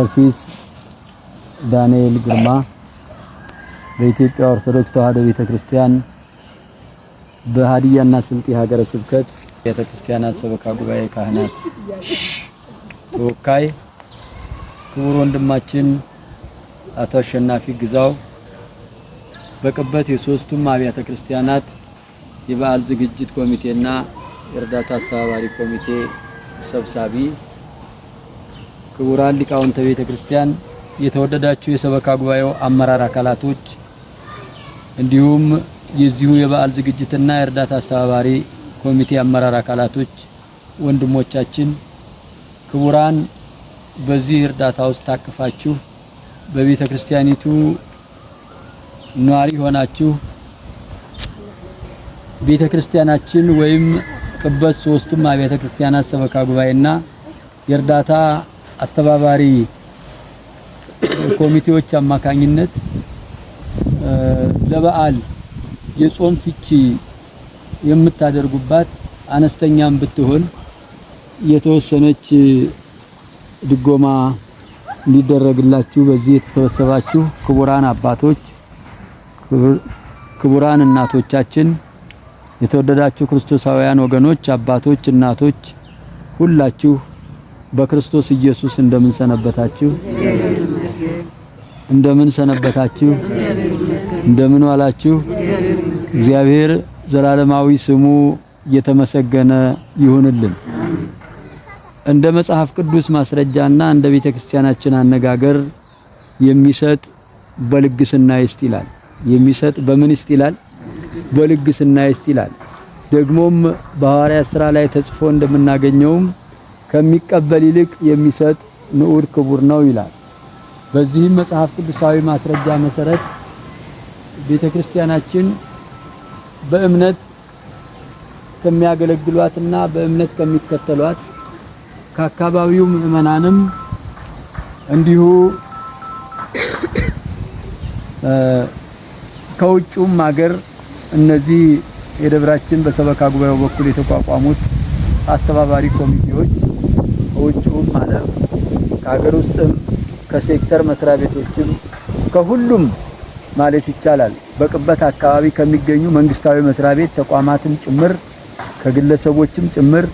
ቀሲስ ዳንኤል ግርማ በኢትዮጵያ ኦርቶዶክስ ተዋሕዶ ቤተክርስቲያን በሀዲያና ስልጤ ሀገረ ስብከት ቤተክርስቲያናት ሰበካ ጉባኤ ካህናት ተወካይ፣ ክቡር ወንድማችን አቶ አሸናፊ ግዛው በቅበት የሶስቱም አብያተ ክርስቲያናት የበዓል ዝግጅት ኮሚቴና የእርዳታ አስተባባሪ ኮሚቴ ሰብሳቢ ክቡራን ሊቃውንተ ቤተ ክርስቲያን፣ የተወደዳችሁ የሰበካ ጉባኤው አመራር አካላቶች፣ እንዲሁም የዚሁ የበዓል ዝግጅትና የእርዳታ አስተባባሪ ኮሚቴ አመራር አካላቶች ወንድሞቻችን፣ ክቡራን በዚህ እርዳታ ውስጥ ታቅፋችሁ በቤተ ክርስቲያኒቱ ኗሪ ሆናችሁ ቤተ ክርስቲያናችን ወይም ቅበት ሶስቱም አብያተ ክርስቲያናት ሰበካ ጉባኤና የእርዳታ አስተባባሪ ኮሚቴዎች አማካኝነት ለበዓል የጾም ፍቺ የምታደርጉባት አነስተኛም ብትሆን የተወሰነች ድጎማ እንዲደረግላችሁ በዚህ የተሰበሰባችሁ ክቡራን አባቶች፣ ክቡራን እናቶቻችን፣ የተወደዳችሁ ክርስቶሳውያን ወገኖች፣ አባቶች፣ እናቶች ሁላችሁ በክርስቶስ ኢየሱስ እንደምን ሰነበታችሁ? እንደምን ሰነበታችሁ? እንደምን ዋላችሁ? እግዚአብሔር ዘላለማዊ ስሙ እየተመሰገነ ይሁንልን። እንደ መጽሐፍ ቅዱስ ማስረጃና እንደ ቤተ ክርስቲያናችን አነጋገር የሚሰጥ በልግስና ይስጥ ይላል። የሚሰጥ በምን ይስጥ ይላል? በልግስና ይስጥ ይላል። ደግሞም በሐዋርያት ሥራ ላይ ተጽፎ እንደምናገኘውም ከሚቀበል ይልቅ የሚሰጥ ንዑድ ክቡር ነው ይላል። በዚህም መጽሐፍ ቅዱሳዊ ማስረጃ መሰረት ቤተ ክርስቲያናችን በእምነት ከሚያገለግሏትና በእምነት ከሚከተሏት ከአካባቢው ምዕመናንም እንዲሁ ከውጭውም ሀገር እነዚህ የደብራችን በሰበካ ጉባኤው በኩል የተቋቋሙት አስተባባሪ ኮሚቴዎች ከውጭውም ዓለም ከሀገር ውስጥም ከሴክተር መስሪያ ቤቶችም ከሁሉም ማለት ይቻላል በቅበት አካባቢ ከሚገኙ መንግስታዊ መስሪያ ቤት ተቋማትም ጭምር ከግለሰቦችም ጭምር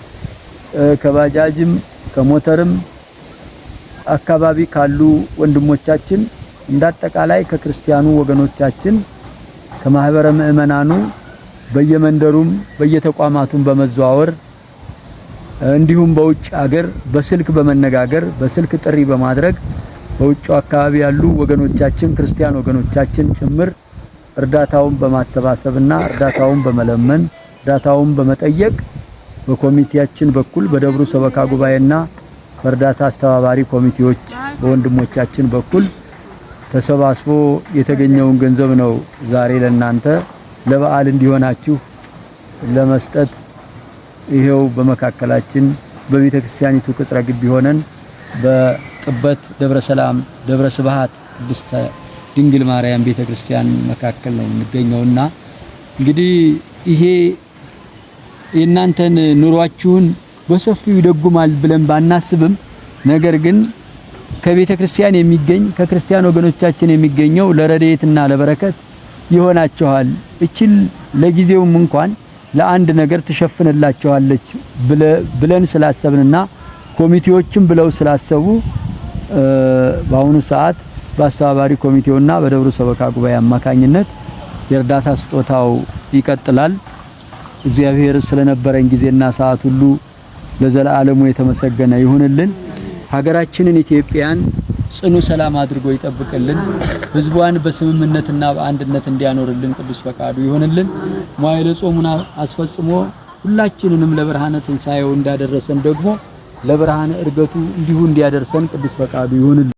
ከባጃጅም ከሞተርም አካባቢ ካሉ ወንድሞቻችን እንዳጠቃላይ ከክርስቲያኑ ወገኖቻችን ከማህበረ ምእመናኑ በየመንደሩም በየተቋማቱም በመዘዋወር እንዲሁም በውጭ ሀገር በስልክ በመነጋገር በስልክ ጥሪ በማድረግ በውጭ አካባቢ ያሉ ወገኖቻችን ክርስቲያን ወገኖቻችን ጭምር እርዳታውን በማሰባሰብና እርዳታውን በመለመን እርዳታውን በመጠየቅ በኮሚቴያችን በኩል በደብሩ ሰበካ ጉባኤና በእርዳታ አስተባባሪ ኮሚቴዎች በወንድሞቻችን በኩል ተሰባስቦ የተገኘውን ገንዘብ ነው ዛሬ ለናንተ ለበዓል እንዲሆናችሁ ለመስጠት ይሄው በመካከላችን በቤተ ክርስቲያኒቱ ቅጽረ ግቢ ሆነን በጥበት ደብረ ሰላም ደብረ ስብሃት ቅድስተ ድንግል ማርያም ቤተ ክርስቲያን መካከል ነው የምንገኘውና እንግዲህ ይሄ የእናንተን ኑሯችሁን በሰፊው ይደጉማል ብለን ባናስብም ነገር ግን ከቤተ ክርስቲያን የሚገኝ ከክርስቲያን ወገኖቻችን የሚገኘው ለረድኤትና ለበረከት ይሆናችኋል። እችል ለጊዜውም እንኳን ለአንድ ነገር ትሸፍንላቸዋለች ብለን ስላሰብንና ኮሚቴዎችም ብለው ስላሰቡ በአሁኑ ሰዓት በአስተባባሪ ኮሚቴውና በደብሩ ሰበካ ጉባኤ አማካኝነት የእርዳታ ስጦታው ይቀጥላል። እግዚአብሔር ስለነበረን ጊዜና ሰዓት ሁሉ ለዘላለሙ የተመሰገነ ይሁንልን። ሀገራችንን ኢትዮጵያን ጽኑ ሰላም አድርጎ ይጠብቅልን። ህዝቧን በስምምነትና በአንድነት እንዲያኖርልን ቅዱስ ፈቃዱ ይሆንልን። መዋዕለ ጾሙን አስፈጽሞ ሁላችንንም ለብርሃነ ትንሣኤው እንዳደረሰን ደግሞ ለብርሃነ እርገቱ እንዲሁ እንዲያደርሰን ቅዱስ ፈቃዱ ይሆንልን።